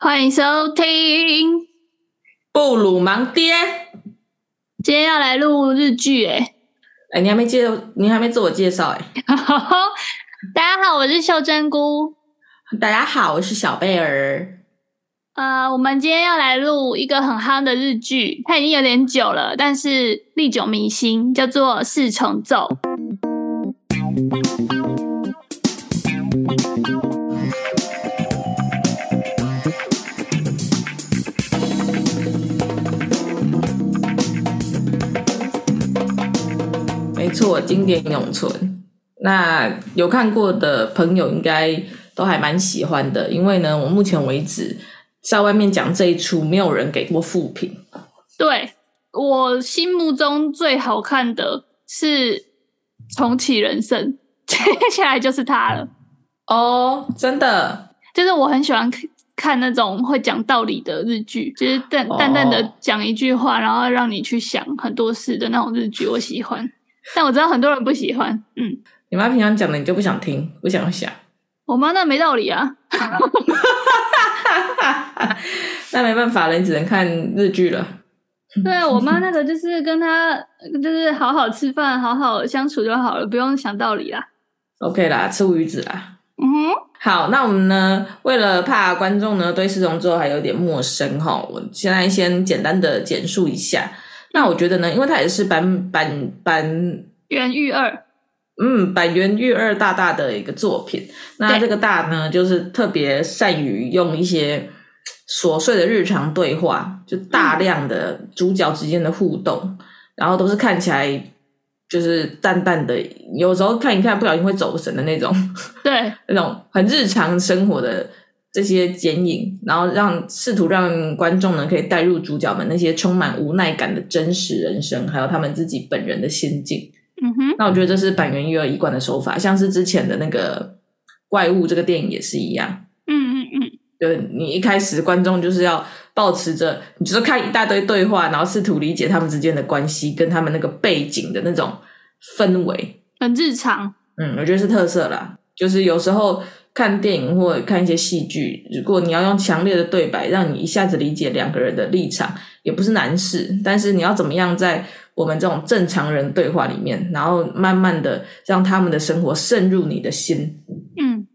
歡迎收聽《布魯盲爹》。今天要來錄日劇、欸，哎、欸，你還沒介，你還沒自我介紹、欸，哎。 大家好，我是秀珍菇。大家好，我是小貝兒。呃，我們今天要來錄一個很夯的日劇，它已經有點久了，但是歷久彌新，叫做《四重奏》。經典永存。那有看過的朋友應該都還蠻喜歡的，因為呢，我目前為止在外面講這一出，沒有人給過負評。對，我心目中最好看的是重啟人生，接下來就是他了。哦、oh，真的，就是我很喜歡看那種會講道理的日劇，就是淡淡淡的講一句話，oh. 然後讓你去想很多事的那種日劇，我喜歡。但我知道很多人不喜歡。嗯，你媽平常講的你就不想聽，不想想。我媽那沒道理啊， 那沒辦法了，你只能看日劇了。對啊，我媽那個就是跟她，就是好好吃飯，好好相處就好了，不用想道理啦。OK 啦，吃烏魚子啦。嗯哼，好，那我們呢，為了怕觀眾呢，對四重奏還有點陌生哈、哦，我現在先簡單的簡述一下。那我覺得呢，因為它也是版版版，元裕二，嗯，版元裕二大大的一個作品。那這個大呢，就是特別善於用一些瑣碎的日常對話，就大量的主角之間的互動，嗯、然後都是看起來就是淡淡的，有時候看一看不小心會走神的那種，對， 那種很日常生活的。這些剪影，然後讓試圖讓觀眾呢可以帶入主角們那些充滿無奈感的真實人生，還有他們自己本人的心境。嗯哼，那我覺得這是版元裕二一貫的手法，像是之前的那個怪物這個電影也是一樣。嗯嗯嗯，對，你一開始觀眾就是要抱持著，你就是看一大堆對話，然後試圖理解他們之間的關係跟他們那個背景的那種氛圍。很日常。嗯，我覺得是特色啦，就是有時候。看電影或看一些戲劇，如果你要用強烈的對白，讓你一下子理解兩個人的立場，也不是難事。但是你要怎麼樣在我們這種正常人對話裡面，然後慢慢的讓他們的生活滲入你的心，嗯，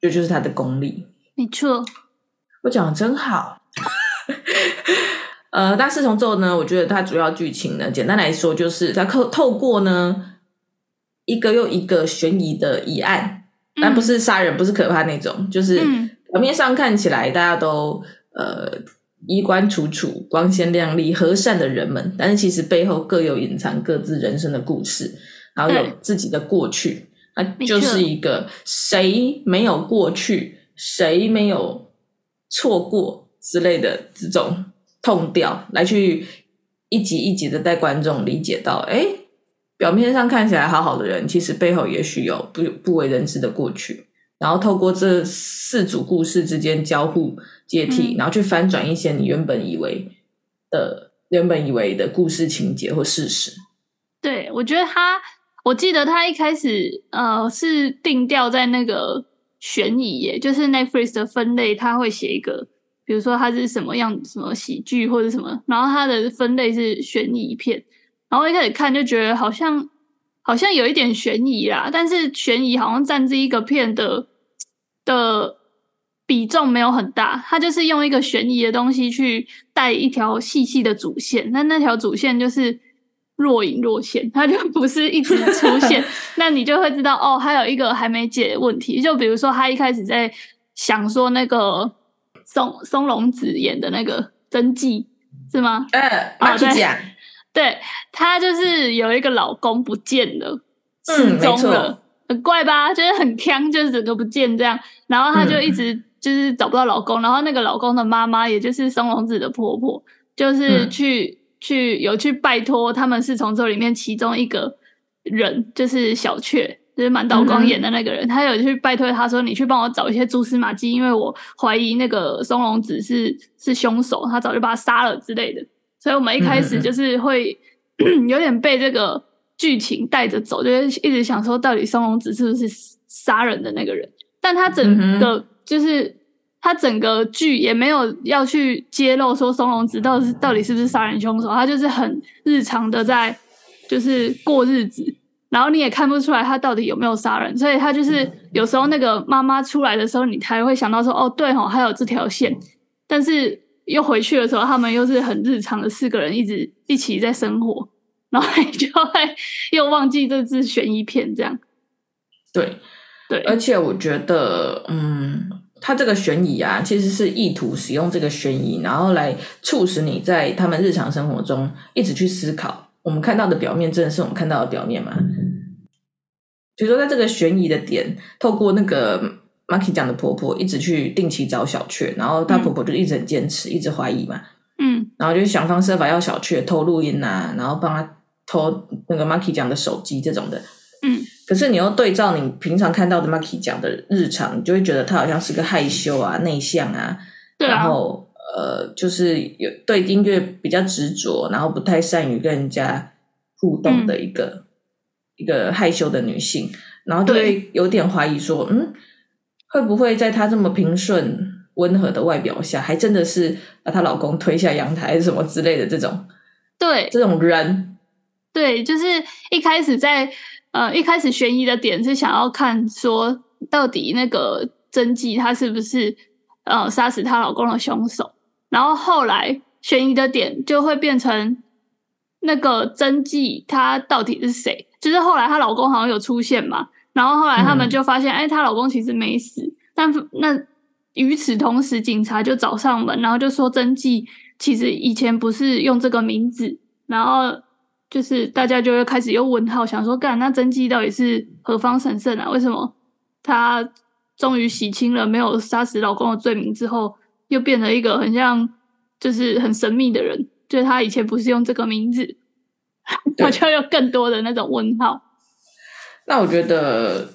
這就是他的功力。沒錯，我講的真好。 呃，大四重奏呢，我覺得它主要劇情呢，簡單來說就是它透透過呢一個又一個懸疑的疑案。那不是殺人、嗯，不是可怕那種，就是表面上看起來大家都、嗯、呃衣冠楚楚、光鮮亮麗、和善的人們，但是其實背後各有隱藏各自人生的故事，然後有自己的過去，那就是一個誰沒有過去，誰沒，沒有錯過之類的這種痛調來去一集一集的帶觀眾理解到，哎、欸。表面上看起來好好的人，其實背後也許有不不為人知的過去。然後透過這四組故事之間交互接替、嗯，然後去翻轉一些你原本以為的、嗯呃、原本以為的故事情節或事實。對，我覺得他，我記得他一開始呃是定調在那個懸疑耶，就是 Netflix 的分類，他會寫一個，比如說它是什麼樣什麼喜劇或者什麼，然後它的分類是懸疑片。然後一開始看就覺得好像好像有一點懸疑啦，但是懸疑好像佔這一個片的的比重沒有很大，它就是用一個懸疑的東西去帶一條細細的主線，但那條主線就是若隱若現，它就不是一直出現， 那你就會知道哦，還有一個還沒解的問題。就比如說他一開始在想說那個松松隆子演的那個真紀是嗎？嗯、呃，馬吉醬。哦對，她就是有一個老公不見了，失、嗯、蹤了，很怪吧？就是很鏘，就是整個不見這樣。然後她就一直就是找不到老公、嗯。然後那個老公的媽媽，也就是松隆子的婆婆，就是去、嗯、去有去拜托他們四重奏裡面其中一個人，就是小雀，就是滿島光演的那個人嗯嗯，他有去拜托他說：“你去幫我找一些蛛絲馬跡，因為我懷疑那個松隆子是是凶手，他早就把他殺了之類的。”所以我們一開始就是會有點被這個劇情帶着走，就是一直想說到底松隆子是不是殺人的那個人？但他整個就是、嗯、他整個劇也沒有要去揭露說松隆子到底到底是不是殺人兇手，他就是很日常的在就是過日子，然後你也看不出來他到底有沒有殺人，所以他就是有時候那個媽媽出來的時候，你才會想到說哦對吼，還有這條線，但是。又回去的時候，他們又是很日常的四個人，一直一起在生活，然後你就會又忘記這是懸疑片這樣。對，對，而且我覺得，嗯，他這個懸疑啊，其實是意圖使用這個懸疑，然後來促使你在他們日常生活中一直去思考：我們看到的表面真的是我們看到的表面嗎？嗯、比如說，在這個懸疑的點，透過那個。Maki 講的婆婆一直去定期找小雀，然後她婆婆就一直很堅持，嗯、一直懷疑嘛，嗯，然後就想方設法要小雀偷錄音啊，然後幫她偷那個 Maki 講的手機這種的，嗯。可是你又對照你平常看到的 Maki 講的日常，你就會覺得她好像是個害羞啊、內向啊，對啊，然後呃，就是有對音樂比較執着，然後不太善於跟人家互動的一個、嗯、一個害羞的女性，然後就會有點懷疑說，嗯。會不會在她這麼平順溫和的外表下，還真的是把她老公推下陽台什麼之類的這種？對，這種人，對，就是一開始在呃一開始懸疑的點是想要看說到底那個真紀她是不是呃殺死她老公的兇手，然後後來懸疑的點就會變成那個真紀她到底是誰？就是後來她老公好像有出現嘛。然後後來他們就發現，嗯、哎，她老公其實沒死。但那與此同時，警察就找上門，然後就說真紀其實以前不是用這個名字。然後就是大家就會開始用問號，想說幹那真紀到底是何方神聖啊？為什麼她終於洗清了沒有殺死老公的罪名之後，又變得一個很像就是很神秘的人？就是她以前不是用這個名字，我就有更多的那種問號。那我覺得，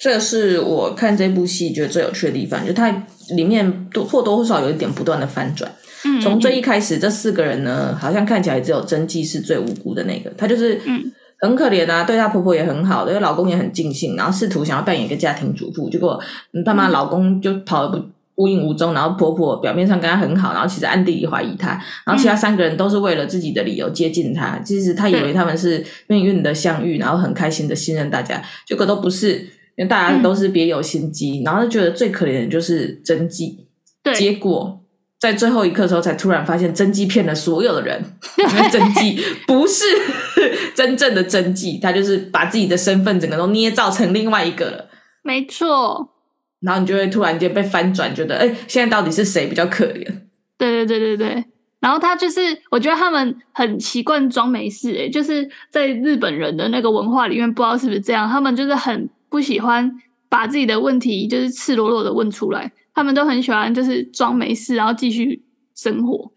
這是我看這部戲覺得最有趣的地方，就它裡面多或多或少有一點不斷的翻轉。從最一開始，這四個人呢，好像看起來只有真紀是最無辜的那個，她就是很可憐啊，對她婆婆也很好，因為老公也很盡興，然後試圖想要扮演一個家庭主婦，結果你爸媽老公就跑得不無影無蹤，然後婆婆表面上跟她很好，然後其實暗地裡懷疑她。然後其他三個人都是為了自己的理由接近她、嗯，其實她以為他們是命運的相遇，然後很開心的信任大家。結果都不是，因為大家都是別有心機。嗯、然後就覺得最可憐的就是真紀，結果在最後一刻的時候才突然發現真紀騙了所有的人，因為真紀不是 真正的真紀，她就是把自己的身份整個都捏造成另外一個了。沒錯。然後你就會突然間被翻轉，覺得誒，現在到底是誰比較可憐？對對對對對。然後他就是，我覺得他們很習慣裝沒事，誒，就是在日本人的那個文化裡面，不知道是不是這樣，他們就是很不喜歡把自己的問題就是赤裸裸的問出來，他們都很喜歡就是裝沒事，然後繼續生活。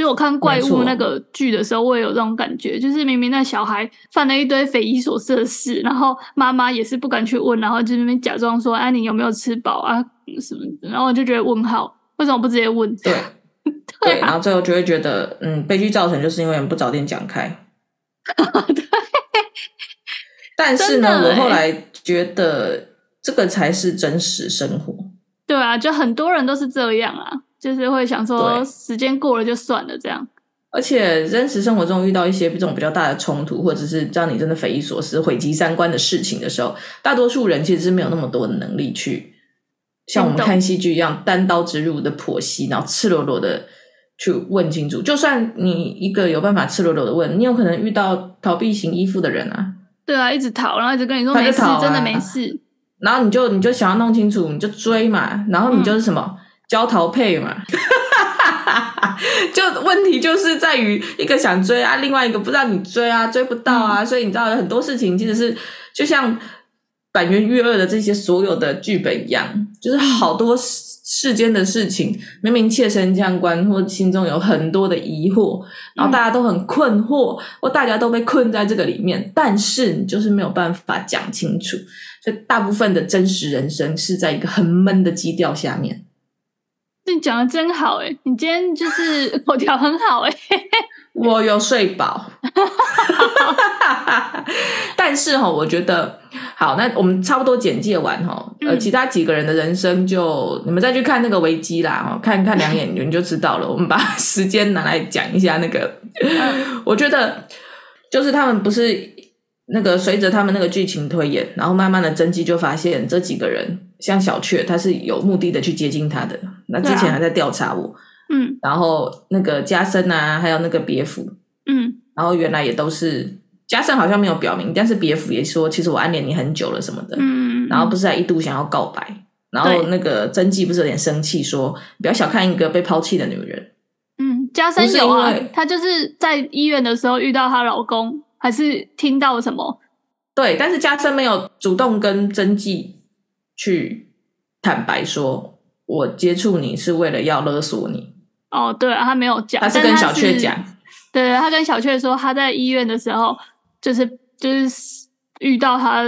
就我看怪物那個劇的時候，我也有這種感覺，就是明明那小孩犯了一堆匪夷所思的事，然後媽媽也是不敢去問，然後就那邊假裝說：“哎、啊，你有沒有吃飽啊？”什麼？然後我就覺得問號，為什麼不直接問？對 對、啊、對。然後最後就會覺得，嗯，悲劇造成就是因為不早點講開。 對。但是呢、欸，我後來覺得這個才是真實生活。對啊，就很多人都是這樣啊。就是會想說，時間過了就算了這樣。而且，真實生活中遇到一些這種比較大的衝突，或者是讓你真的匪夷所思、毀三觀的事情的時候，大多數人其實是沒有那麼多的能力去像我們看戲劇一樣單刀直入的剖析，然後赤裸裸的去問清楚。就算你一個有辦法赤裸裸的問，你有可能遇到逃避型依附的人啊。對啊，一直逃，然後一直跟你說沒事，真的沒事。然後你就你就想要弄清楚，你就追嘛。然後你就是什麼？嗯交逃配嘛，哈哈哈，就問題就是在於一個想追啊，另外一個不讓你追啊，追不到啊、嗯，所以你知道有很多事情其實是就像坂元裕二的這些所有的劇本一樣，就是好多世世間的事情，明明切身相關或心中有很多的疑惑，然後大家都很困惑，或大家都被困在這個裡面，但是你就是沒有辦法講清楚，所以大部分的真實人生是在一個很悶的基調下面。你講的真好，欸、你今天就是口條很好，欸、 我有睡飽 ，好好笑但是哈，我覺得好。那我們差不多簡介完哈，呃，其他幾個人的人生就你們再去看那個維基啦哈，看看兩眼你們就知道了。我們把時間拿來講一下那個，我覺得就是他們不是那個隨着他們那個劇情推演，然後慢慢的增肌，就發現這幾個人。像小雀，他是有目的的去接近他的。那之前還在調查我、啊，嗯，然後那個家森啊，還有那個別府，嗯，然後原來也都是家森好像沒有表明，但是別府也說其實我暗戀你很久了什麼的，嗯，然後不是還一度想要告白，嗯、然後那個真紀不是有點生氣，說不要小看一個被拋棄的女人，嗯，家森有、啊嗯、有啊，她就是在醫院的時候遇到她老公，還是聽到什麼？對，但是家森沒有主動跟真紀。去坦白說，我接觸你是為了要勒索你。哦，對啊，他沒有講，他是跟小雀講，他對他跟小雀說，他在醫院的時候，就是就是遇到她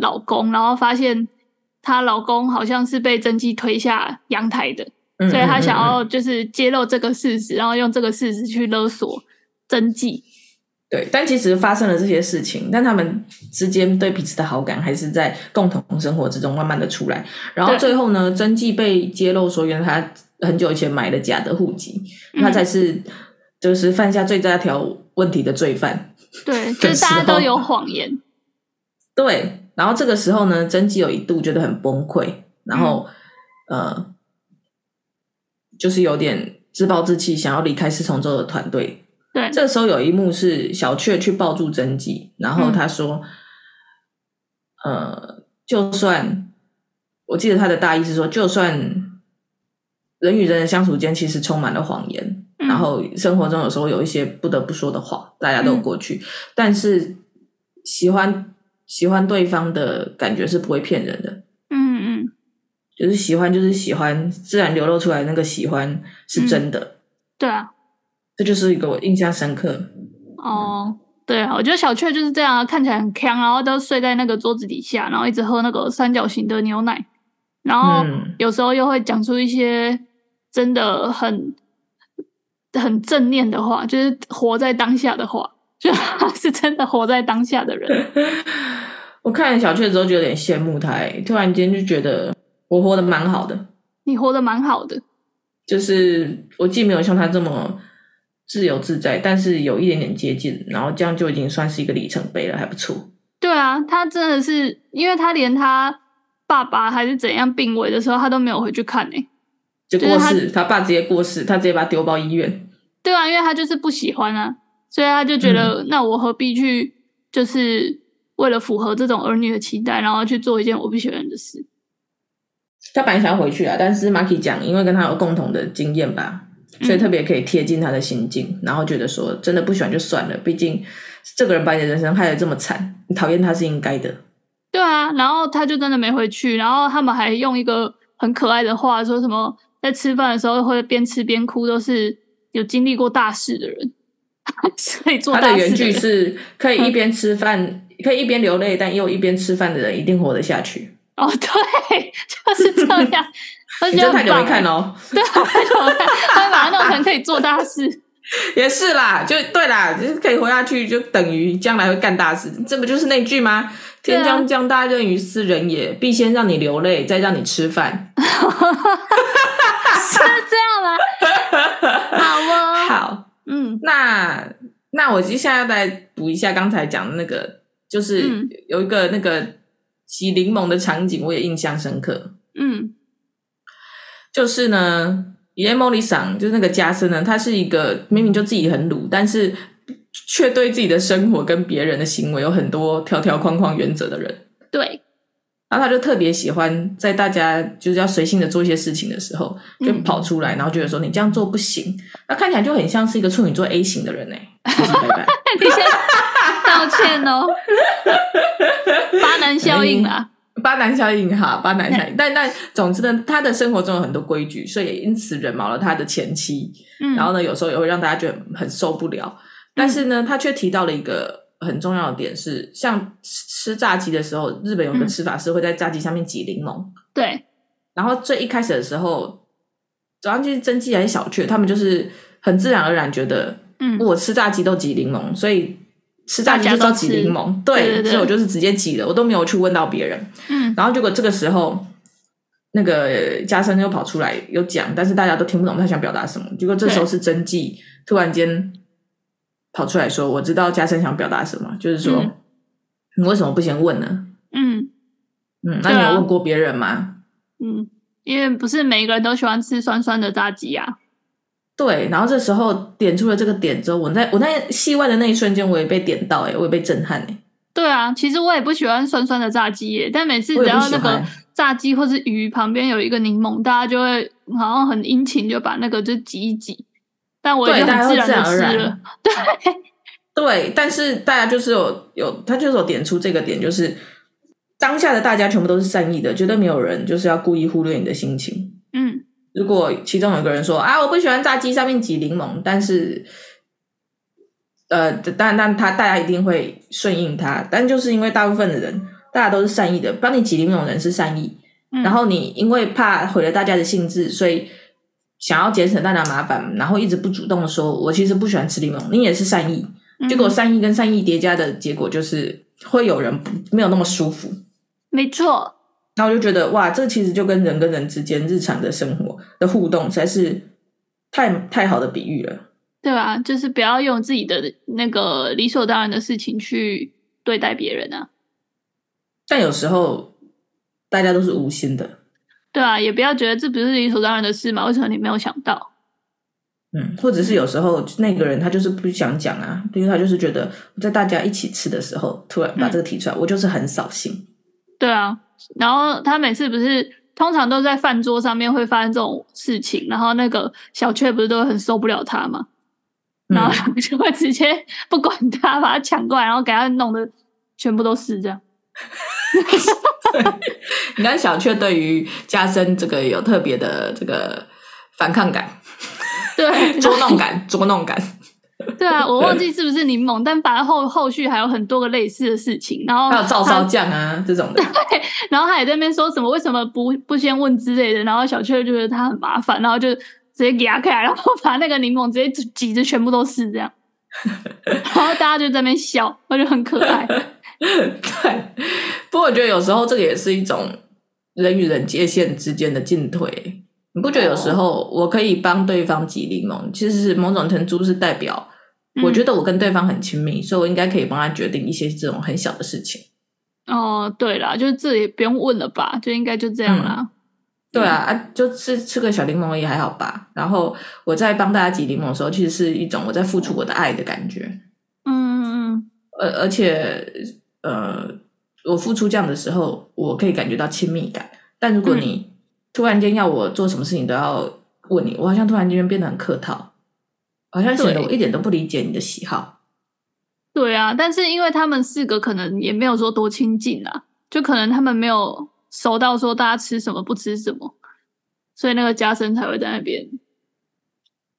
老公，然後發現她老公好像是被真紀推下陽台的。嗯，所以他想要就是揭露這個事實，然後用這個事實去勒索真紀。對，但其實發生了這些事情，但他們之間對彼此的好感還是在共同生活之中慢慢的出來。然後最後呢，真紀被揭露說，原來他很久以前買了假的戶籍、嗯，他才是就是犯下最大條問題的罪犯。對，就大家都有謊言。對，然後這個時候呢，真紀有一度覺得很崩潰，然後、嗯、呃，就是有點自暴自棄，想要離開四重奏的團隊。對，這時候有一幕是小雀去抱住真紀，然後他說、嗯：“呃，就算……我記得他的大意是說，就算人與人的相處間其實充滿了謊言、嗯，然後生活中有時候有一些不得不說的話，大家都過去，嗯，但是喜歡喜歡對方的感覺是不會騙人的。嗯嗯，就是喜歡就是喜歡，自然流露出來那個喜歡是真的。嗯，對啊。”這就是一個我印象深刻哦，對啊，我覺得小雀就是這樣啊，看起來很強，然後都睡在那個桌子底下，然後一直喝那個三角形的牛奶，然後有時候又會講出一些真的很很正念的話，就是活在當下的話，就他是真的活在當下的人。 我看了小雀之後就有點羨慕他欸，突然間就覺得我活得蠻好的，你活得蠻好的，就是我既沒有像他這麼。自由自在，但是有一點點接近，然後這樣就已經算是一個里程碑了，還不錯。對啊，他真的是，因為他連他爸爸還是怎樣病危的時候，他都沒有回去看呢、欸。就過世、就是他，他爸直接過世，他直接把他丟包醫院。對啊，因為他就是不喜歡啊，所以他就覺得，嗯、那我何必去就是為了符合這種兒女的期待，然後去做一件我不喜歡的事？他本來想要回去啊，但是 Maki 講，因為跟他有共同的經驗吧。所以特別可以貼近他的心境，嗯，然後覺得說真的不喜歡就算了，畢竟這個人把你的人生害得這麼慘，你討厭他是應該的。對啊，然後他就真的沒回去，然後他們還用一個很可愛的話說什麼，在吃飯的時候會邊吃邊哭，都是有經歷過大事的人，所 以做的他的原句是：可以一邊吃飯， 可以一邊流淚，但又一邊吃飯的人一定活得下去。哦，對，就是這樣。 欸、你真太久沒看哦、喔！對，反正 那種人可，可以做大事，也是啦。就對啦，就是可以活下去，就等於將來會幹大事。這不就是那句嗎？天將降大任於斯人也、啊，必先讓你流淚，再讓你吃飯。 是這樣嗎？ 好嗎？好，嗯，那那我接下來要再補一下剛才講的那個，就是有一個那個洗檸檬的場景，我也印象深刻。嗯。就是呢耶莫裡桑就是那個家森呢，他是一個明明就自己很魯，但是卻對自己的生活跟別人的行為有很多條條框框原則的人。對，然後他就特別喜歡在大家就是要隨性的做一些事情的時候，就跑出來，嗯、然後覺得說你這樣做不行。那看起來就很像是一個處女座 A 型的人哎，謝謝拜拜 你先道歉哦，巴 南、啊、效應啊。嗯巴男小影哈，巴男小影。但但總之呢，他的生活中有很多規矩，所以也因此惹毛了他的前妻。嗯，然後呢，有時候也會讓大家覺得很受不了。嗯、但是呢，他卻提到了一個很重要的點是，是像吃炸雞的時候，日本有個吃法是會在炸雞上面擠檸檬。對。然後最一開始的時候，主要就是真紀還是小雀，他們就是很自然而然覺得，嗯，我吃炸雞都擠檸檬，所以。吃炸雞就知道擠檸檬，對，對，對，對，所以我就是直接擠了，我都沒有去問到別人。嗯、然後結果這個時候，那個嘉生又跑出來有講，但是大家都聽不懂他想表達什麼。結果這時候是真跡突然間跑出來說：“我知道嘉生想表達什麼，就是說、嗯、你為什麼不先問呢？”嗯嗯，那你有問過別人嗎？嗯，因為不是每一個人都喜歡吃酸酸的炸雞呀、啊。對，然後這時候點出了這個點之後，我在我在戲外的那一瞬間，我也被點到哎、欸，我也被震撼哎、欸。對啊，其實我也不喜歡酸酸的炸雞耶、欸，但每次只要那個炸雞或是魚旁邊有一個檸檬，大家就會好像很殷勤就把那個就擠一擠。但我也就很自然而然，對，大家會自然而然 對，對，但是大家就是有有，他就是有點出這個點，就是當下的大家全部都是善意的，絕對沒有人就是要故意忽略你的心情。嗯。如果其中有一個人說啊，我不喜歡炸雞上面擠檸檬，但是，呃，但但他大家一定會順應他，但就是因為大部分的人大家都是善意的，幫你擠檸檬的人是善意、嗯，然後你因為怕毀了大家的興致，所以想要節省大家麻煩，然後一直不主動的說，我其實不喜歡吃檸檬，你也是善意，結果善意跟善意疊加的結果就是會有人不沒有那麼舒服，沒錯。那我就覺得哇，這其實就跟人跟人之間日常的生活的互動，才是太太好的比喻了。對啊，就是不要用自己的那個理所當然的事情去對待別人啊。但有時候大家都是無心的。對啊，也不要覺得這不是理所當然的事嘛，為什麼你沒有想到？嗯，或者是有時候、嗯、那個人他就是不想講啊，因為他就是覺得在大家一起吃的時候，突然把這個提出來，嗯、我就是很掃興。對啊，然後他每次不是通常都在飯桌上面會發生這種事情，然後那個小雀不是都很受不了他嗎？嗯？然後就會直接不管他，把他搶過來，然後給他弄得全部都是這樣 你看小雀對於家森這個有特別的這個反抗感，對 捉弄感， 捉弄感。 對啊，我忘記是不是檸檬，但反正後後續還有很多個類似的事情，然後還有照燒醬啊這種的。對，然後他也在那邊說什麼“為什麼不不先問”之類的，然後小雀就覺得他很麻煩，然後就直接給他開，然後把那個檸檬直接擠着全部都是這樣，然後大家就在那邊笑，我就很可愛。 對，不過我覺得有時候這個也是一種人與人界限之間的進退。你不覺得有時候我可以幫對方擠檸檬、哦？其實是某種程度是代表，我覺得我跟對方很親密、嗯，所以我應該可以幫他決定一些這種很小的事情。哦，對了，就自己不用問了吧？就應該就這樣啦。嗯、對啊、嗯，啊，就吃吃個小檸檬也還好吧。然後我在幫大家擠檸檬的時候，其實是一種我在付出我的愛的感覺。嗯嗯嗯、呃。而而且呃，我付出這樣的時候，我可以感覺到親密感。但如果你、嗯突然間要我做什麼事情都要問你，我好像突然間變得很客套，好像顯得我一點都不理解你的喜好。對。對啊，但是因為他們四個可能也沒有說多親近啊，就可能他們沒有熟到說大家吃什麼不吃什麼，所以那個家森才會在那邊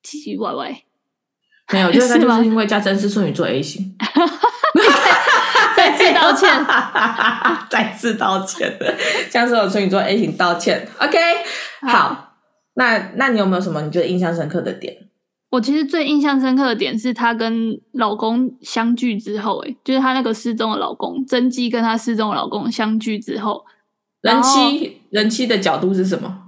唧唧歪歪。沒有，就是他就是因為家森是處女座 A 型。再次道歉， 再次道歉的， 像是我處女座 A 型道歉。OK，好，啊、那那你有沒有什麼你覺得印象深刻的點？我其實最印象深刻的點是她跟老公相聚之後、欸，哎，就是她那個失蹤的老公真紀跟她失蹤的老公相聚之後，人妻人妻的角度是什麼？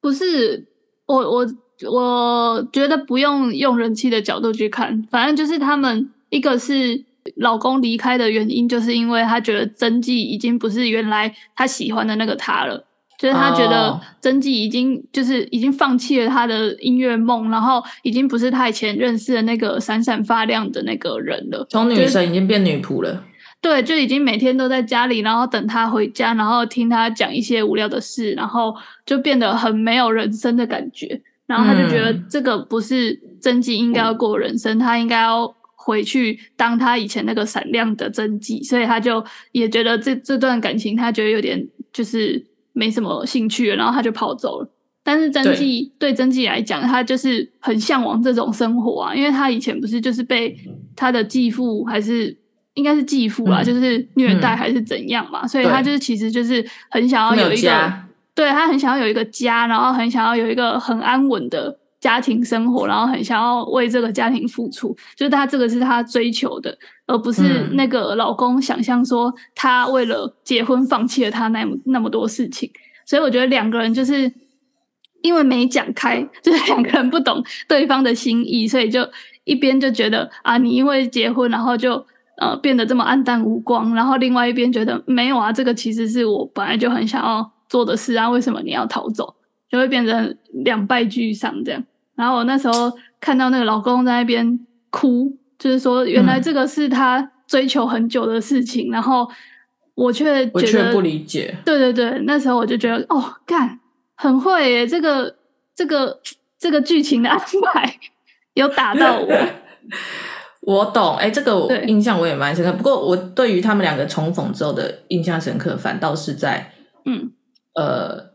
不是，我我我覺得不用用人妻的角度去看，反正就是他們一個是。老公離開的原因，就是因為他覺得真紀已經不是原來他喜歡的那個他了，就是他覺得真紀已經就是已經放棄了他的音樂夢，然後已經不是他以前認識的那個閃閃發亮的那個人了，從女神已經變女僕了、就是。對，就已經每天都在家裡，然後等他回家，然後聽他講一些無聊的事，然後就變得很沒有人生的感覺，然後他就覺得這個不是真紀應該要過人生，嗯、他應該要。回去當他以前那個閃亮的真紀，所以他就也覺得這這段感情他覺得有點就是沒什麼興趣了，然後他就跑走了。但是真紀對真紀來講，他就是很向往這種生活啊，因為他以前不是就是被他的繼父還是應該是繼父啊、嗯，就是虐待還是怎樣嘛、嗯，所以他就是其實就是很想要有一個，家，對，他很想要有一個家，然後很想要有一個很安穩的。家庭生活，然後很想要為這個家庭付出，就是他這個是他追求的，而不是那個老公想象說他為了結婚放棄了他那麼那麼多事情。所以我覺得兩個人就是因為沒講開，就是兩個人不懂對方的心意，所以就一邊就覺得啊，你因為結婚然後就呃變得這麼黯淡無光，然後另外一邊覺得沒有啊，這個其實是我本來就很想要做的事啊，為什麼你要逃走？就會變成兩敗俱傷這樣。然後我那時候看到那個老公在那邊哭，就是說原來這個是他追求很久的事情，嗯、然後我卻覺得我卻不理解。對對對，那時候我就覺得哦，幹，很會耶，這個這個這個劇情的安排，有打到我。我懂，哎，這個印象我也蠻深刻。不過我對於他們兩個重逢之後的印象深刻，反倒是在嗯呃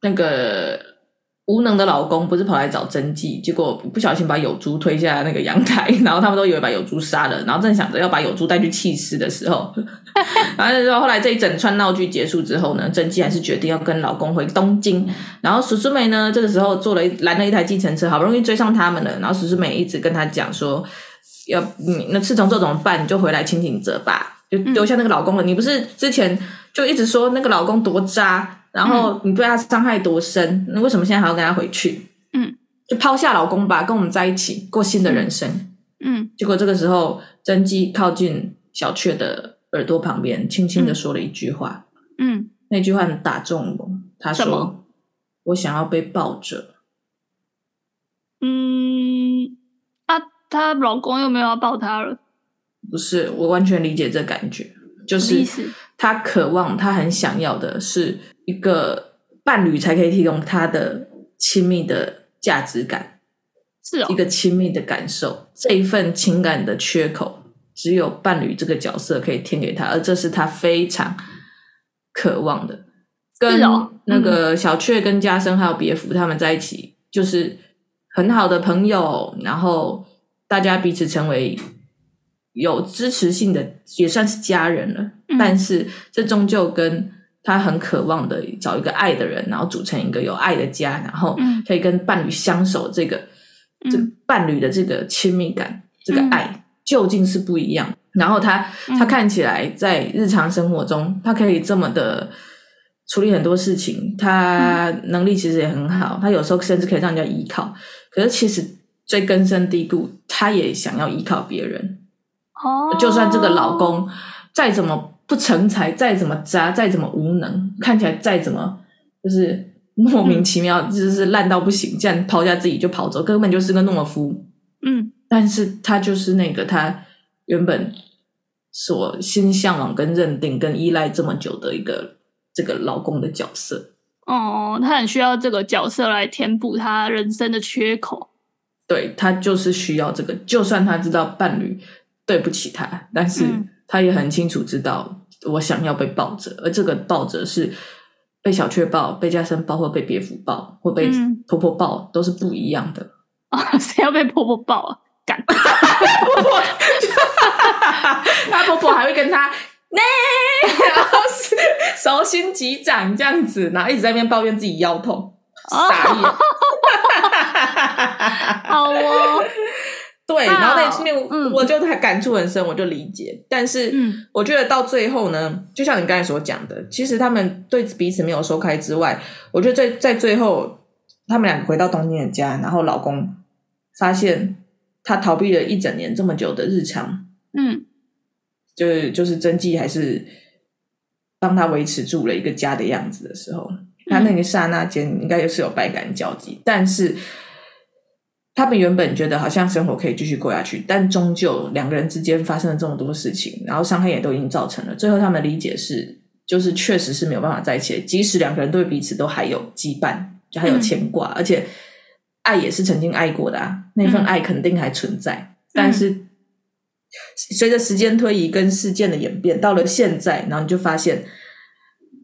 那個。無能的老公不是跑來找真紀，結果不小心把有珠推下那個陽台，然後他們都以為把有珠殺了，然後正想着要把有珠帶去棄屍的時候， 然後後來這一整串鬧劇結束之後呢，真紀還是決定要跟老公回東京，嗯、然後石之梅呢，這個時候坐了攔了，一攔了一台計程車，好不容易追上他們了，然後石之梅一直跟他講說，要你那四重奏怎麼辦？你就回來輕井澤吧，就丟下那個老公了。嗯、你不是之前？就一直說那個老公多渣，然後你對他傷害多深，那、嗯、為什麼現在還要跟他回去？嗯，就拋下老公吧，跟我們在一起過新的人生嗯。嗯，結果這個時候真紀靠近小雀的耳朵旁邊，輕輕的說了一句話。嗯，那句話很打中我。他說。說我想要被抱着。嗯，啊，他老公又沒有要抱他了。不是，我完全理解這感覺，就是。他渴望，他很想要的是一個伴侶才可以提供他的親密的價值感，是哦，一個親密的感受。這一份情感的缺口，只有伴侶這個角色可以填給他，而這是他非常渴望的。跟那個小雀、跟家森還有別府他們在一起，就是很好的朋友，然後大家彼此成為。有支持性的，也算是家人了，嗯。但是這終究跟他很渴望的找一個愛的人，然後組成一個有愛的家，然後可以跟伴侶相守，這個嗯。這個這伴侶的這個親密感，嗯，這個愛，究竟是不一樣，嗯。然後他，嗯、他看起來在日常生活中，他可以這麼的處理很多事情，他能力其實也很好。他有時候甚至可以讓人家依靠。可是其實最根深蒂固，他也想要依靠別人。哦、oh，就算這個老公再怎麼不成才，再怎麼渣，再怎麼無能，看起來再怎麼就是莫名其妙，嗯、就是爛到不行，這樣拋下自己就跑走，根本就是個懦夫。嗯，但是他就是那個他原本所心向往、跟認定、跟依賴這麼久的一個這個老公的角色。哦、oh，他很需要這個角色來填補他人生的缺口。對，他就是需要這個，就算他知道伴侶，對不起他，但是他也很清楚知道我想要被抱着、嗯，而這個抱着是被小雀抱、被家森抱，或被別府抱，或被婆婆抱，嗯、都是不一樣的。啊、哦，誰要被婆婆抱啊？幹！那 婆，婆， 婆婆還會跟他那， 然後是手心擊掌這樣子，然後一直在那邊抱怨自己腰痛，哦、傻眼 好哦。對，oh, 然後在後面，我就才感觸很深、嗯，我就理解。但是，我覺得到最後呢、嗯，就像你剛才所講的，其實他們對彼此沒有說開之外，我覺得在在最後，他們兩個回到東京的家，然後老公發現他逃避了一整年這麼久的日常，嗯，就是就是真紀還是幫他維持住了一個家的樣子的時候，他那個剎那間應該也是有百感交集，但是。他們原本覺得好像生活可以繼續過下去，但終究兩個人之間發生了這麼多事情，然後傷害也都已經造成了。最後他們的理解是，就是確實是沒有辦法在一起，即使兩個人對彼此都還有羈絆，就還有牽掛、嗯，而且愛也是曾經愛過的啊，那份愛肯定還存在。嗯、但是隨着時間推移跟事件的演變、嗯，到了現在，然後你就發現，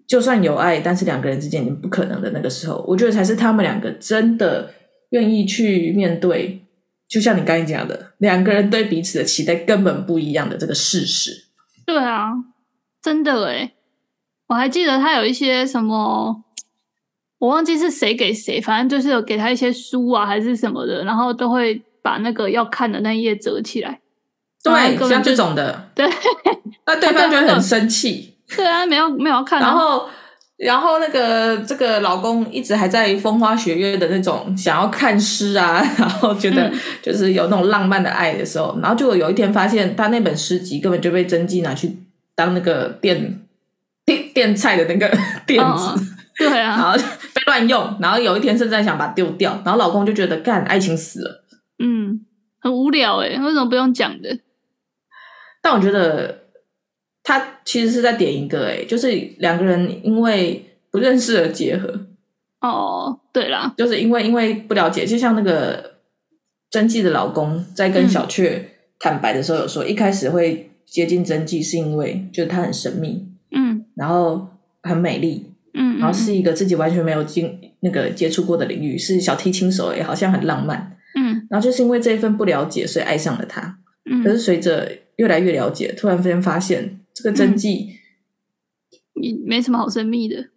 就算有愛，但是兩個人之間已經不可能的那個時候，我覺得才是他們兩個真的。願意去面對，就像你剛才講的，兩個人對彼此的期待根本不一樣的這個事實。對啊，真的誒、欸、我還記得他有一些什麼，我忘記是誰給誰，反正就是有給他一些書啊，還是什麼的，然後都會把那個要看的那一頁折起來。對，像這種的。對。那對方就很生氣。 對啊，沒有沒有要看啊。然後。然後那個這個老公一直還在風花雪月的那種，想要看詩啊，然後覺得就是有那種浪漫的愛的時候，嗯、然後就有一天發現他那本詩集根本就被真紀拿去當那個墊墊墊菜的那個墊子哦哦，對啊，然後被亂用，然後有一天甚至還想把它丟掉，然後老公就覺得幹愛情死了，嗯，很無聊誒，為什麼不用講的？但我覺得。他其實是在點一個哎、欸，就是兩個人因為不認識而結合。哦，對了，就是因為因為不了解，就像那個真紀的老公在跟小雀坦白的時候有說，嗯、一開始會接近真紀是因為覺得她很神秘，嗯，然後很美麗，嗯，然後是一個自己完全沒有經那個接觸過的領域，是小提琴手，哎，好像很浪漫，嗯，然後就是因為這一份不了解，所以愛上了他，嗯，可是隨着越來越了解，突然間發現。這真跡，你、嗯、沒什麼好神秘的。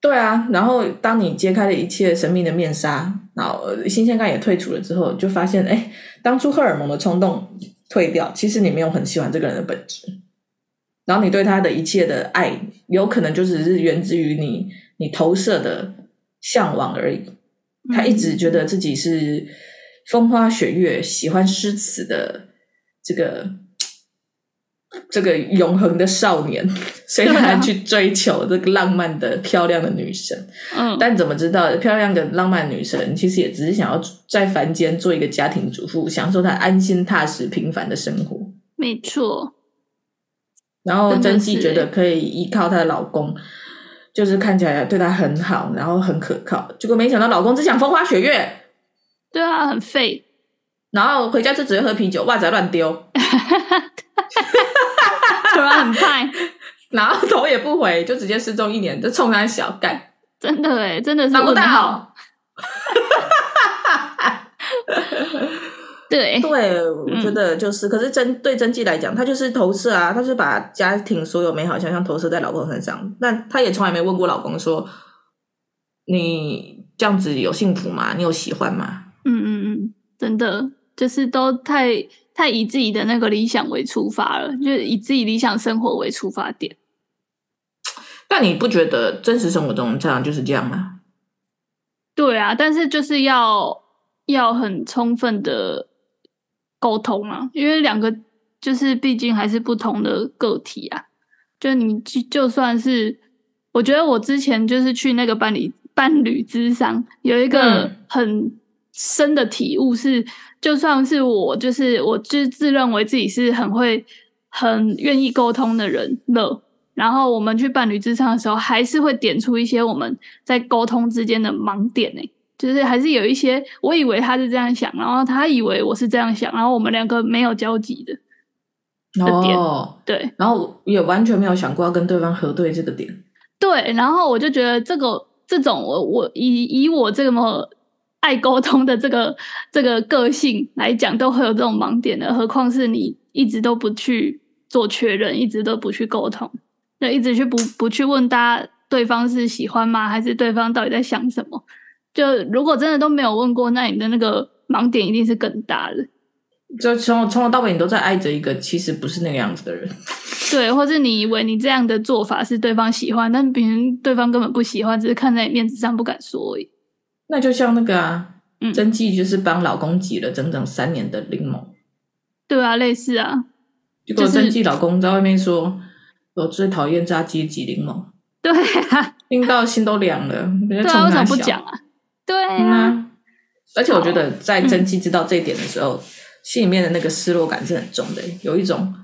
對啊，然後當你揭開了一切神秘的面紗，然後新鮮感也退出了之後，就發現，哎，當初荷爾蒙的衝動退掉，其實你沒有很喜歡這個人的本質。然後你對他的一切的愛，有可能就只是源自於你你投射的嚮往而已、嗯。他一直覺得自己是風花雪月、喜歡詩詞的這個。這個永恆的少年，所以他然還去追求這個浪漫的漂亮的女神，嗯，但怎麼知道漂亮的浪漫的女神其實也只是想要在凡間做一個家庭主婦，享受她安心踏實平凡的生活。沒錯。然後真紀覺得可以依靠她的老公的，就是看起來對她很好，然後很可靠。結果沒想到老公只想風花雪月，對啊，很廢。然後回家就只會喝啤酒，襪子亂丟。突然很叛，然後頭也不回就直接失蹤一年，就衝他小干，真的哎、欸，真的，是不太好。哦、 對對，我覺得就是，嗯、可是針對真紀來講，他就是投射啊，他就是把家庭所有美好想象投射在老公身上。但他也從來沒問過老公說：“你這樣子有幸福嗎？你有喜歡嗎？”嗯嗯嗯，真的就是都太，太以自己的那個理想為出發了，就是以自己理想生活為出發點。但你不覺得真實生活中這樣就是這樣嗎？對啊，但是就是要要很充分的溝通嘛，啊，因為兩個就是畢竟還是不同的個體啊。就你就算是，我覺得我之前就是去那個伴侶伴侶諮商，有一個很。嗯深的體悟是，就算是我，就是我，自自認為自己是很會、很願意溝通的人了。然後我們去伴侶諮商的時候，還是會點出一些我們在溝通之間的盲點呢、欸。就是還是有一些，我以為他是這樣想，然後他以為我是這樣想，然後我們兩個沒有交集的。哦，點，對，然後也完全沒有想過要跟對方核對這個點。對，然後我就覺得這個這種，我我以以我這麼。愛溝通的這個這個個性來講，都會有這種盲點的，何況是你一直都不去做確認，一直都不去溝通，就一直去不不去問他，對方是喜歡嗎，還是對方到底在想什麼？就如果真的都沒有問過，那你的那個盲點一定是更大的。就從從頭到尾，你都在愛着一個其實不是那個樣子的人。對，或者你以為你這樣的做法是對方喜歡，但別人對方根本不喜歡，只是看在你面子上不敢說而已。那就像那個啊，真紀就是幫老公擠了整整三年的檸檬，嗯，對啊，類似啊。結果真紀老公在外面說：“就是、我最討厭炸雞擠檸檬。”對啊，聽到心都涼了。人家對、啊，我怎麼不講啊？對啊、嗯、啊，而且我覺得在真紀知道這一點的時候，心、嗯、裡面的那個失落感是很重的，欸，有一種，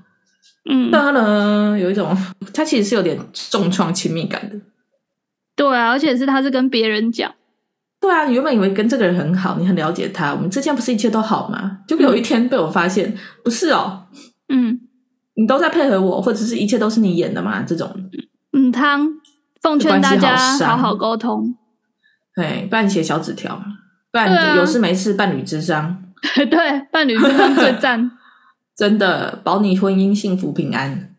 嗯，當然有一種，他其實是有點重創親密感的。對、啊，而且是他是跟別人講。對啊，你原本以為跟這個人很好，你很了解他，我們之間不是一切都好嗎？就有一天被我發現、嗯，不是哦，嗯，你都在配合我，或者是一切都是你演的嘛？這種，嗯，嗯湯，奉勸大家好，好好溝通。對，伴侶寫小紙條，伴、啊、有事沒事，伴侶諮商。 對，伴侶諮商最贊， 真的保你婚姻幸福平安。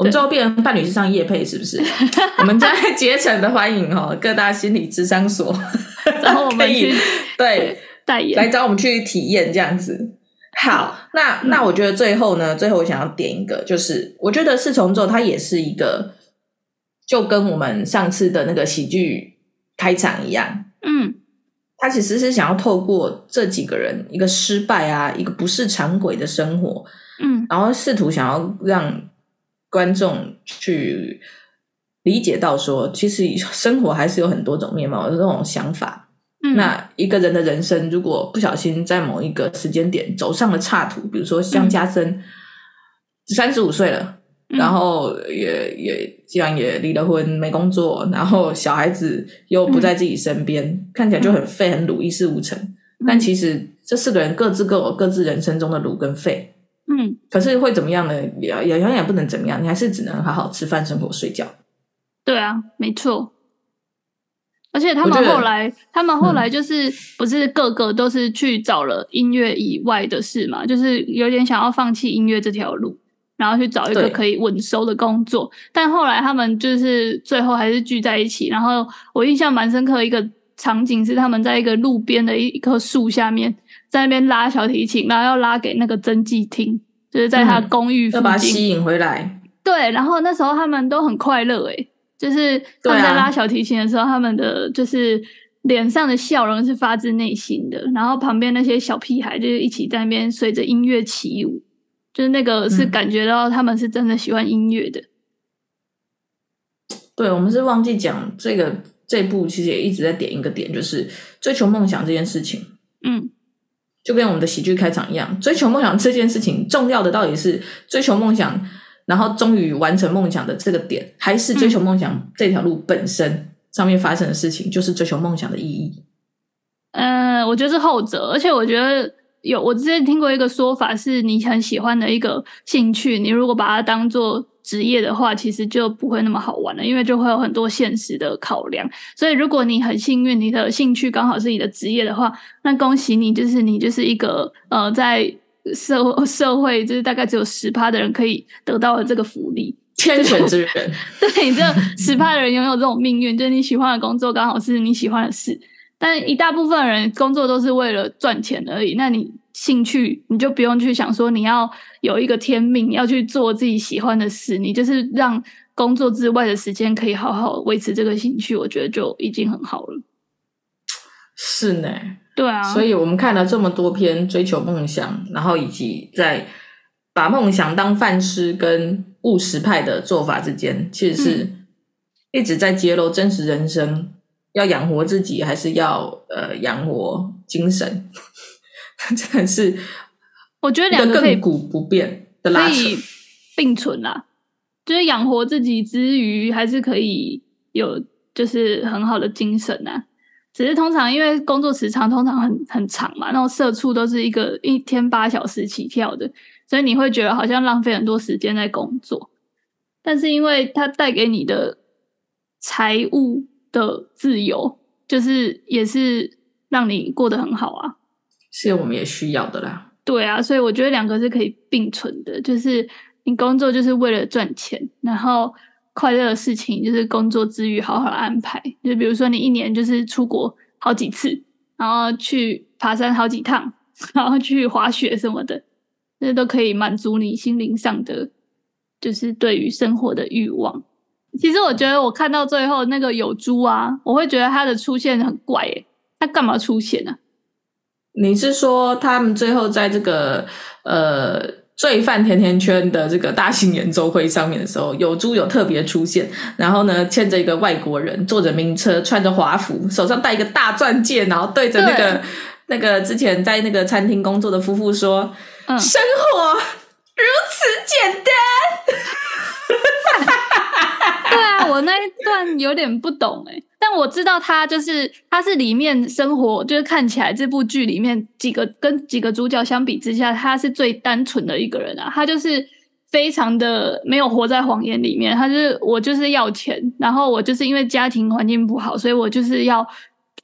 我們之後變成伴侶是上業配是不是？ 我們在竭誠的歡迎各大心理諮商所，然後我們去對代言 對，來找我們去體驗這樣子。好，那那我覺得最後呢、嗯，最後我想要點一個，就是我覺得四重奏它也是一個，就跟我們上次的那個喜劇開場一樣。嗯，他其實是想要透過這幾個人一個失敗啊，一個不是常軌的生活，嗯，然後試圖想要讓。觀眾去理解到說，其實生活還是有很多種面貌的這種想法、嗯。那一個人的人生，如果不小心在某一個時間點走上了岔途，比如說像家森，三十五歲了、嗯，然後也也既然也離了婚，沒工作，然後小孩子又不在自己身邊，嗯、看起來就很廢很魯，一事無成。但其實這四個人各自各有各自人生中的魯跟廢。嗯，可是會怎麼樣呢？也也永遠不能怎麼樣，你還是只能好好吃飯、生活、睡覺。對啊，沒錯。而且他們後來，他們後來就是、嗯、不是個個都是去找了音樂以外的事嘛？就是有點想要放棄音樂這條路，然後去找一個可以穩收的工作。但後來他們就是最後還是聚在一起。然後我印象蠻深刻的一個場景是他們在一個路邊的一一棵樹下面。在那邊拉小提琴，然後要拉給那個真紀聽，就是在他公寓、嗯、要把他吸引回來。對，然後那時候他們都很快樂，哎，就是他們在拉小提琴的時候，啊、他們的就是臉上的笑容是發自內心的。然後旁邊那些小屁孩就是一起在那邊隨着音樂起舞，就是那個是感覺到他們是真的喜歡音樂的、嗯。對，我們是忘記講這個這部其實也一直在點一個點，就是追求夢想這件事情。嗯。就跟我們的喜劇開場一樣，追求夢想這件事情，重要的到底是追求夢想，然後終於完成夢想的這個點，還是追求夢想這條路本身上面發生的事情，嗯、就是追求夢想的意義？嗯，我覺得是後者，而且我覺得有，我之前聽過一個說法，是你很喜歡的一個興趣，你如果把它當做。職業的話，其實就不會那麼好玩了，因為就會有很多現實的考量。所以，如果你很幸運，你的興趣剛好是你的職業的話，那恭喜你，就是你就是一個呃，在社會社會就是大概只有十趴的人可以得到的這個福利，天選之人。 對，你這十趴的人擁有這種命運， 就是你喜歡的工作剛好是你喜歡的事。但一大部分人工作都是為了賺錢而已。那你。興趣，你就不用去想說你要有一個天命，要去做自己喜歡的事。你就是讓工作之外的時間可以好好維持這個興趣，我覺得就已經很好了。是呢？對啊。所以，我們看了這麼多篇追求夢想，然後以及在把夢想當飯吃跟務實派的做法之間，其實是一直在揭露真實人生：要養活自己，還是要呃養活精神。 真的是的，我覺得兩個可以亙古不變的拉扯並存啦、啊。就是養活自己之餘，還是可以有就是很好的精神吶、啊。只是通常因為工作時長通常很很長嘛，那種社畜，都是一個一天八小時起跳的，所以你會覺得好像浪費很多時間在工作。但是因為它帶給你的財務的自由，就是也是讓你過得很好啊。是，我們也需要的啦。對啊，所以我覺得兩個是可以並存的。就是你工作就是為了賺錢，然後快樂的事情就是工作之餘好好安排。就比如說，你一年就是出國好幾次，然後去爬山好幾趟，然後去滑雪什麼的，那都可以滿足你心靈上的，就是對於生活的慾望。其實我覺得，我看到最後那個有朱啊，我會覺得它的出現很怪耶，它幹嘛出現呢？你是說他們最後在這個呃罪犯甜甜圈的這個大型演奏會上面的時候，有豬有特別出現，然後呢牽着一個外國人，坐着名車，穿着華服，手上戴一個大鑽戒，然後對着那個那個之前在那個餐廳工作的夫婦說：“嗯、生活如此簡單。 ” 對啊，我那一段有點不懂哎、欸，但我知道他就是，他是裡面生活就是看起來這部劇裡面幾個跟幾個主角相比之下，他是最單純的一個人啊，他就是非常的沒有活在謊言裡面，他、就是我就是要錢，然後我就是因為家庭環境不好，所以我就是要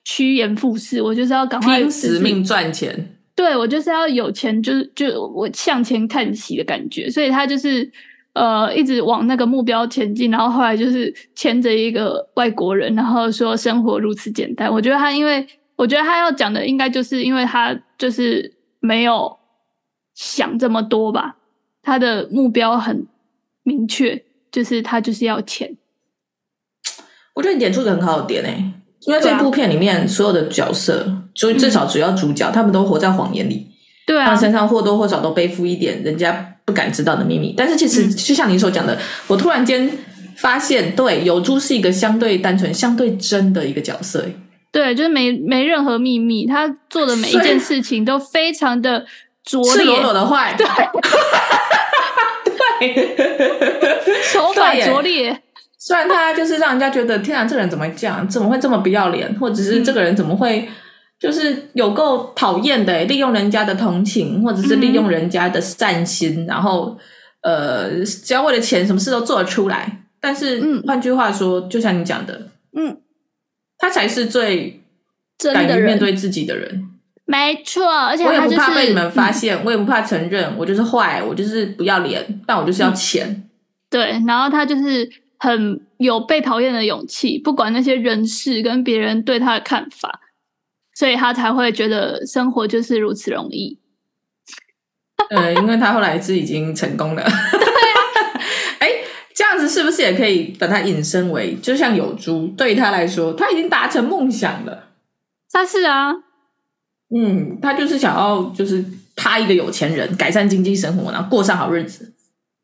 趨炎附勢，我就是要趕快拼死命賺錢，對，我就是要有錢，就是就我向前看齊的感覺，所以他就是。呃，一直往那個目標前進，然後後來就是牽着一個外國人，然後說生活如此簡單。我覺得他，因為我覺得他要講的應該就是因為他就是沒有想這麼多吧。他的目標很明確，就是他就是要錢。我覺得你點出的很好的點嘞、欸，因為這部片裡面所有的角色，所以、啊、至少主要主角、嗯、他們都活在謊言裡，對啊，身上或多或少都背負一點人家。不敢知道的秘密，但是其實就像你所講的、嗯，我突然間發現，對，有珠是一個相對單純、相對真的一個角色，對，就是沒沒任何秘密，他做的每一件事情都非常的拙劣，赤裸裸的壞，對，手 對 法拙劣，雖然他就是讓人家覺得天哪這個、人怎麼講怎麼會這麼不要臉，或者是這個人怎麼會。嗯就是有夠討厭的，利用人家的同情，或者是利用人家的善心，嗯、然後呃，只要為了錢，什麼事都做得出來。但是，嗯，換句話說，就像你講的，嗯，他才是最敢於面對自己的人。的人沒錯，而且他、就是、我也不怕被你們發現、嗯，我也不怕承認，我就是壞，我就是不要臉，但我就是要錢。對，然後他就是很有被討厭的勇氣，不管那些人事跟別人對他的看法。所以他才會覺得生活就是如此容易。呃， 因為他後來是已經成功了。哎、 欸，這樣子是不是也可以把它引申為，就像有豬，對於他來說，他已經達成夢想了。他是啊，嗯，他就是想要就是他一個有錢人，改善經濟生活，然後過上好日子。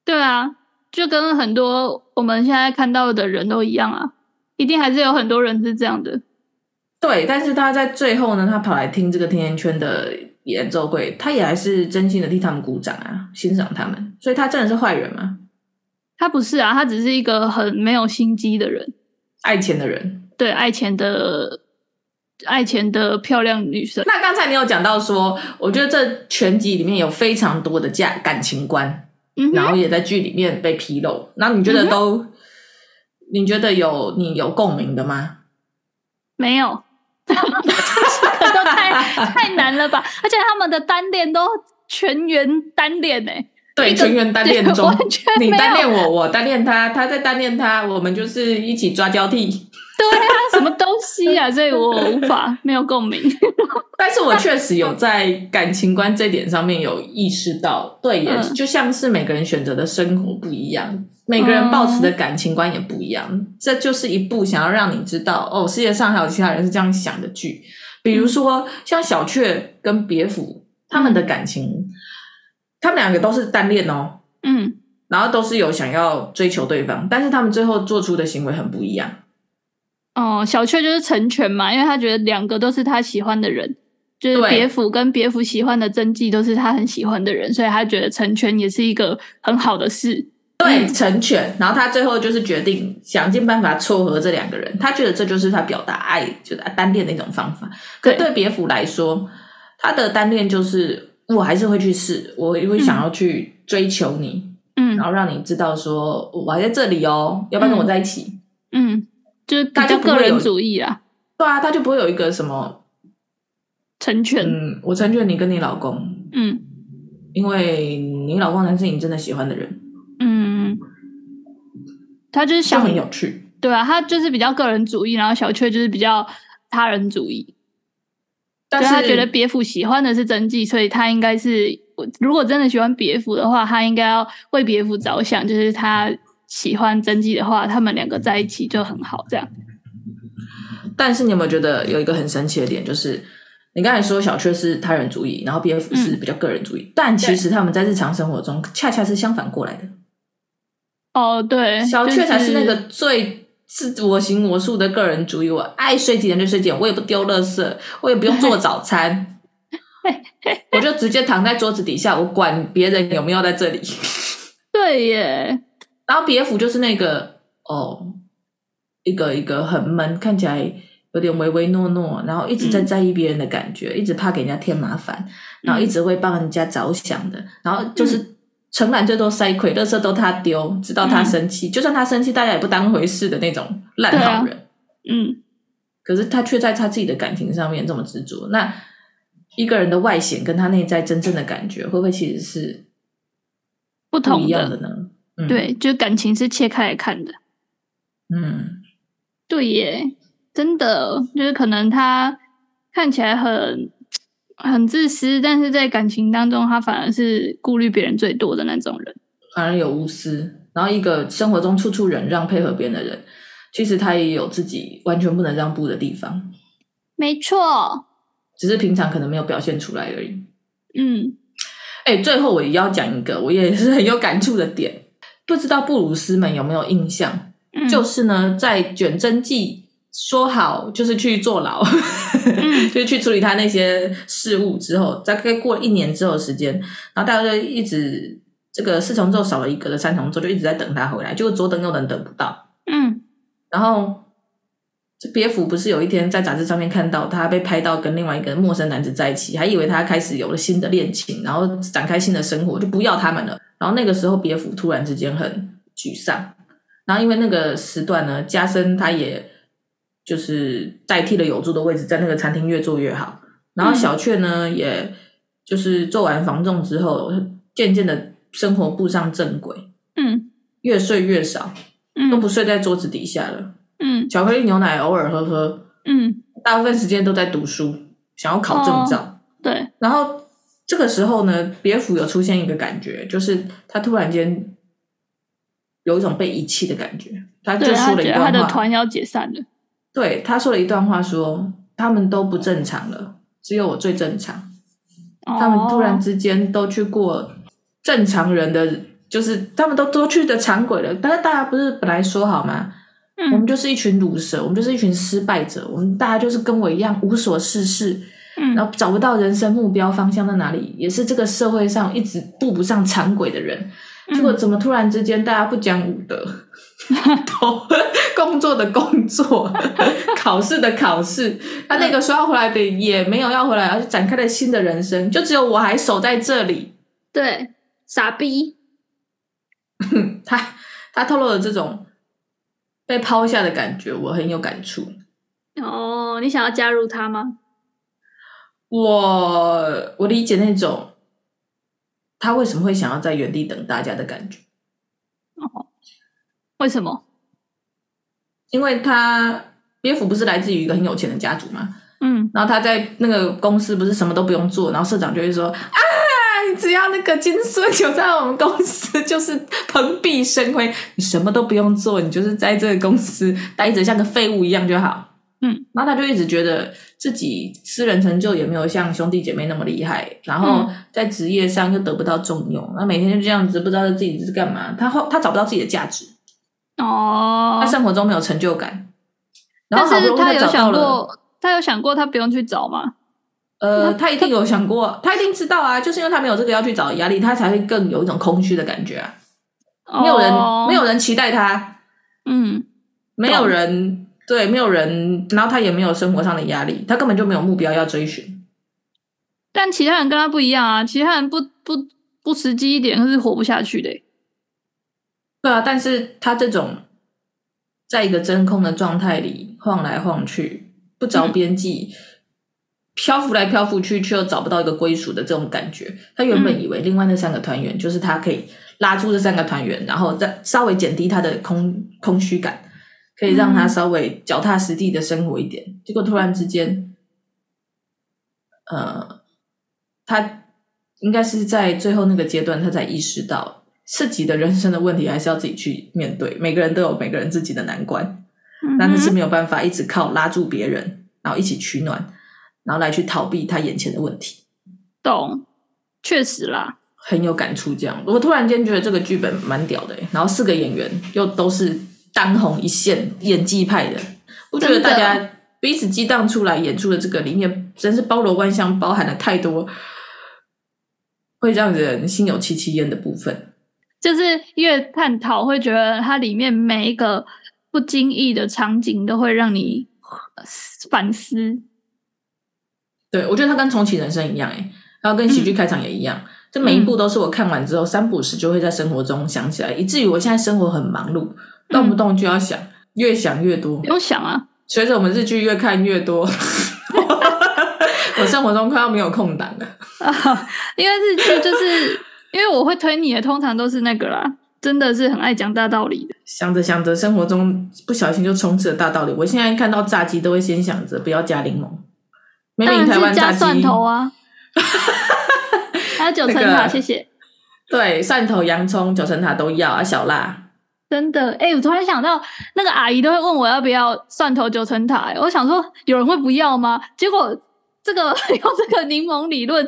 對啊，就跟很多我們現在看到的人都一樣啊，一定還是有很多人是這樣的。對，但是他在最後呢，他跑來聽這個甜甜圈的演奏會，他也還是真心的替他們鼓掌啊，欣賞他們。所以他真的是壞人嗎？他不是啊，他只是一個很沒有心機的人，愛錢的人，對，愛錢的愛錢的漂亮女生。那剛才你有講到說，我覺得這全集裡面有非常多的假感情觀、嗯，然後也在劇裡面被披露。那你覺得都、嗯、你覺得有你有共鳴的嗎？沒有。他哈哈哈，都太太難了吧？而且他們的單戀都全員單戀呢、欸。對，全員單戀中，你單戀我，我單戀他，他在單戀他，我們就是一起抓交替。對啊，他什麼東西啊？ 所以我無法 沒有共鳴。但是我確實有在感情觀這點上面有意識到，對，也、嗯、就像是每個人選擇的生活不一樣。每個人抱持的感情觀也不一樣，哦、這就是一部想要讓你知道哦，世界上還有其他人是這樣想的劇。比如說、嗯、像小雀跟別府他們的感情、嗯，他們兩個都是單戀哦，嗯，然後都是有想要追求對方，但是他們最後做出的行為很不一樣。哦，小雀就是成全嘛，因為他覺得兩個都是他喜歡的人，就是別府跟別府喜歡的真紀都是他很喜歡的人對，所以他覺得成全也是一個很好的事。對、嗯、成全，然後他最後就是決定想盡辦法撮合這兩個人。他覺得這就是他表達愛，就是單戀的一種方法。對，可對別府來說，他的單戀就是我還是會去試，我會想要去追求你，嗯，然後讓你知道說我還在這裡哦，嗯、要不要跟我在一起？嗯，就是大家個人主義啊。對啊，他就不會有一個什麼成全、嗯，我成全你跟你老公，嗯，因為你老公才是你真的喜歡的人。他就是想很有趣，對啊，他就是比較個人主義，然後小雀就是比較他人主義。但是他覺得別府喜歡的是真紀，所以他應該是，如果真的喜歡別府的話，他應該要為別府着想。就是他喜歡真紀的話，他們兩個在一起就很好這樣。但是你有沒有覺得有一個很神奇的點，就是你剛才說小雀是他人主義，然後別府是比較個人主義，嗯，但其實他們在日常生活中恰恰是相反過來的。哦、oh,，對，小雀才是那個最自我行我素的個人主義，就是、我愛睡幾點就睡幾點，我也不丟垃圾，我也不用做早餐， 我就直接躺在桌子底下，我管別人有沒有在這裡。 對耶，然後別府就是那個哦，一個一個很悶，看起來有點唯唯諾諾，然後一直在在意別人的感覺，嗯、一直怕給人家添麻煩、嗯，然後一直會幫人家着想的，然後就是。嗯承嵐最多塞虧，垃圾都他丟，直到他生氣、嗯，就算他生氣，大家也不當回事的那種爛好人、啊。嗯，可是他卻在他自己的感情上面這麼執着。那一個人的外顯跟他內在真正的感覺，會不會其實是不一樣的不同的呢、嗯？對，就是感情是切開來看的。嗯，對耶，真的，就是可能他看起來很。很自私，但是在感情當中，他反而是顧慮別人最多的那種人。反而有無私，然後一個生活中處處忍讓、配合別人的人，其實他也有自己完全不能讓步的地方。沒錯，只是平常可能沒有表現出來而已。嗯，哎，最後我也要講一個，我也是很有感觸的點，不知道布魯斯們有沒有印象？嗯，就是呢，在《卷針記》說好就是去坐牢。 就是去處理他那些事務之後，大概過了一年之後的時間，然後大家就一直這個四重奏少了一個的三重奏就一直在等他回來，就左等右等等不到。嗯，然後這別府不是有一天在雜誌上面看到他被拍到跟另外一個陌生男子在一起，還以為他開始有了新的戀情，然後展開新的生活，就不要他們了。然後那個時候別府突然之間很沮喪，然後因為那個時段呢，加深他也。就是代替了有住的位置，在那個餐廳越做越好。然後小雀呢，嗯、也就是做完房仲之後,漸漸的生活步上正軌。嗯，越睡越少，嗯，都不睡在桌子底下了。嗯，巧克力牛奶偶爾喝喝。嗯，大部分時間都在讀書，想要考證照。哦，對。然後這個時候呢，別府有出現一個感覺，就是他突然間有一種被遺棄的感覺。他就說了一段話，對，他他的團要解散了。對，他說了一段話說，說他們都不正常了，只有我最正常、哦。他們突然之間都去過正常人的，就是他們都都去的常軌了。但是大家不是本來說好嗎？嗯、我們就是一群魯蛇，我們就是一群失敗者，我們大家就是跟我一樣無所事事、嗯，然後找不到人生目標方向在哪裡，也是這個社會上一直步不上常軌的人。結果怎麼突然之間大家不講武德，嗯、 都工作的工作， 考試的考試。他、啊、那個時候要回來的也沒有要回來，而是展開了新的人生。就只有我還守在這裡。對，傻逼。嗯、他他透露了這種被拋下的感覺，我很有感觸。哦，你想要加入他嗎？我我理解那種。他為什麼會想要在原地等大家的感覺？哦，為什麼？因為他別府不是來自於一個很有錢的家族嗎？嗯，然後他在那個公司不是什麼都不用做，然後社長就會說：“啊，你只要那個金龜就在我們公司就是蓬蓽生輝，你什麼都不用做，你就是在這個公司待着像個廢物一樣就好。”嗯，然後他就一直覺得自己私人成就也沒有像兄弟姐妹那麼厲害，然後在職業上又得不到重用，那、嗯、每天就這樣子不知道自己是幹嘛，他後他找不到自己的價值，哦，他生活中沒有成就感，然後他，但是他有想過，他有想過他不用去找嗎？呃，他一定有想過，他一定知道啊，就是因為他沒有這個要去找的壓力，他才會更有一種空虛的感覺啊、哦，沒有人，沒有人期待他，嗯，沒有人。對，沒有人，然後他也沒有生活上的壓力，他根本就沒有目標要追尋。但其他人跟他不一樣啊，其他人不不不實際一點，他是活不下去的。對啊，但是他這種，在一個真空的狀態裡晃來晃去，不着邊際，嗯、漂浮來漂浮去，卻又找不到一個歸屬的這種感覺，他原本以為另外那三個團員就是他可以拉住這三個團員，然後再稍微減低他的空空虛感。可以讓他稍微腳踏實地的生活一點。嗯，結果突然之間，呃，他應該是在最後那個階段，他才意識到，自己的人生的問題還是要自己去面對。每個人都有每個人自己的難關，嗯嗯，但他是沒有辦法一直靠拉住別人，然後一起取暖，然後來去逃避他眼前的問題。懂，確實啦，很有感觸這樣。我突然間覺得這個劇本蠻屌的，然後四個演員又都是。當紅一線，演技派的，我覺得大家彼此激盪出來演出的這個裡面，真，的真是包羅萬象，包含了太多會讓人心有戚戚焉的部分。就是越探討，會覺得它裡面每一個不經意的場景都會讓你、呃、反思。對，我覺得它跟《重啟人生》一樣、欸，哎，還有跟《喜劇開場》也一樣，這、嗯、每一部都是我看完之後三不五時就會在生活中想起來，嗯、以至於我現在生活很忙碌。動不動就要想，嗯、越想越多。不用想啊！隨着我們日劇越看越多， 我， 我生活中快要沒有空檔了、啊。因為日劇就是 因為我會推你的，通常都是那個啦，真的是很愛講大道理的。想着想着，生活中不小心就充斥了大道理。我現在看到炸雞都會先想着不要加檸檬，沒有台灣炸雞，當然是加蒜頭啊！ 還有九層塔、那個，謝謝。對，蒜頭、洋蔥、九層塔都要啊，小辣。真的哎、欸，我突然想到，那個阿姨都會問我要不要蒜頭九層塔、欸。我想說，有人會不要嗎？結果這個用這個檸檬理論，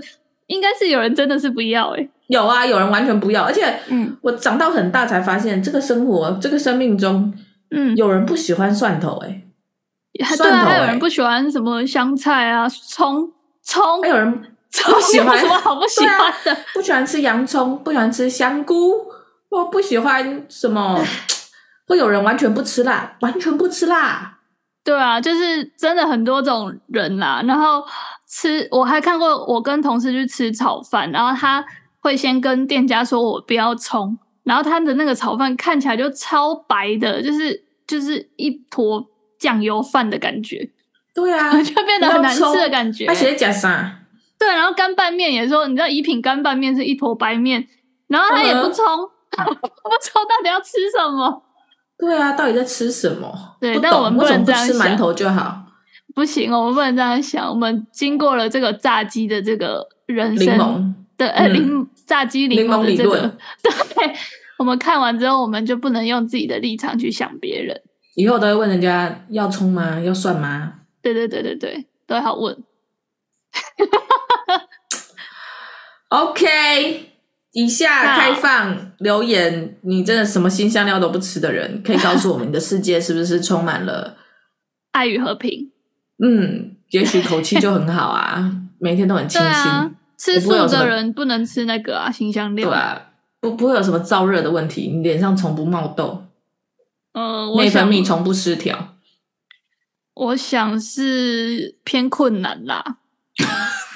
應該是有人真的是不要哎、欸。有啊，有人完全不要，而且嗯，我長到很大才發現、嗯，這個生活，這個生命中，嗯，有人不喜歡蒜頭哎、欸，對啊，蒜頭啊、欸，還有人不喜歡什麼香菜啊，蔥蔥，蔥蔥還有人超喜歡什麼好不喜歡的，啊、不喜歡吃洋蔥，不喜歡吃香菇。我不喜歡什麼，會 有人完全不吃辣，完全不吃辣。對啊，就是真的很多種人啦、啊、然後吃，我還看過我跟同事去吃炒飯，然後他會先跟店家說我不要蔥，然後他的那個炒飯看起來就超白的，就是就是一坨醬油飯的感覺。對啊， 就變得很難吃的感覺。他寫吃啥？對，然後乾拌麵也說，你知道一品乾拌麵是一坨白麵，然後他也不蔥。嗯不知道到底要吃什麼？對啊，到底在吃什麼？對，不懂，但為什麼不吃饅頭就好？不行，我們不能這樣想。我們經過了這個炸雞的這個人生，檸檬對，檸、呃嗯、炸雞檸、這個、檬理論。對我們看完之後，我們就不能用自己的立場去想別人。以後都會問人家要蔥嗎？要蒜嗎？對對對對對，都好問。 OK。以下開放留言，你真的什麼辛香料都不吃的人，可以告訴我們你的世界是不是充滿了愛與和平？嗯，也許口氣就很好啊， 每天都很清新。啊、吃素的人不，不能吃那個啊，辛香料。對啊，不不會有什麼燥熱的問題，你臉上從不冒痘，嗯、呃，內分泌從不失調。我想是偏困難啦。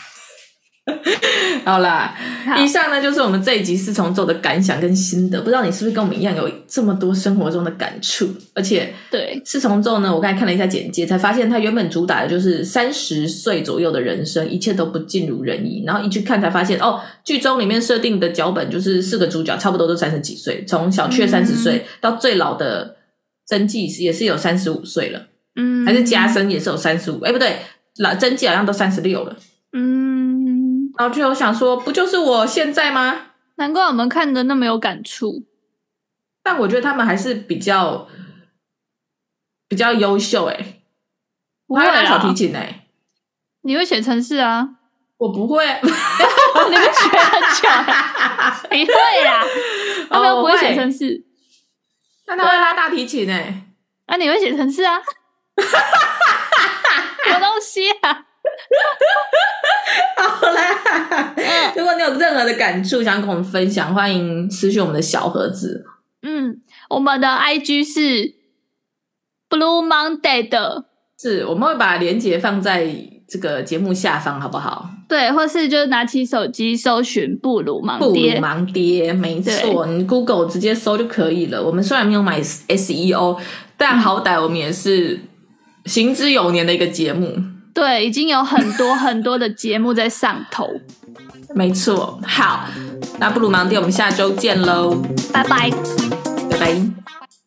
好啦好，以上呢就是我們這一集《四重奏》的感想跟心得。不知道你是不是跟我們一樣有這麼多生活中的感觸？而且，對。《四重奏》呢，我剛才看了一下簡介，才發現它原本主打的就是三十歲左右的人生，一切都不盡如人意。然後一去看，才發現哦，劇中裡面設定的腳本就是四個主角差不多都三十幾歲，從小雀三十歲到最老的真紀也是有三十五歲了，嗯，還是家森也是有三十五，哎、欸，不對，老真紀好像都三十六了，嗯。然後就想說，不就是我現在嗎？難怪我們看的那麼有感觸。但我覺得他們還是比較比較優秀哎、啊。他會拉小提琴哎。你會寫程式啊？我不會。 你，們學啊、 你會啊？你會啦？哦，我不會寫程式。那他會拉大提琴誒啊，你會寫程式啊？ 什麼東西啊？啊 好啦，如果你有任何的感觸想跟我們分享，歡迎私訊我們的小盒子。嗯，我們的 IG 是 Blue Monday 的，是，我們會把鏈接放在這個節目下方，好不好？對，或是就是拿起手機搜尋“布魯盲爹”，“盲爹”沒錯，你 Google 直接搜就可以了。我們雖然沒有買 SEO，但好歹我們也是行之有年的一個節目。對，已經有很多很多的節目在上頭。 沒錯，好，那不如忙點，我們下週見嘍，拜拜，拜、拜。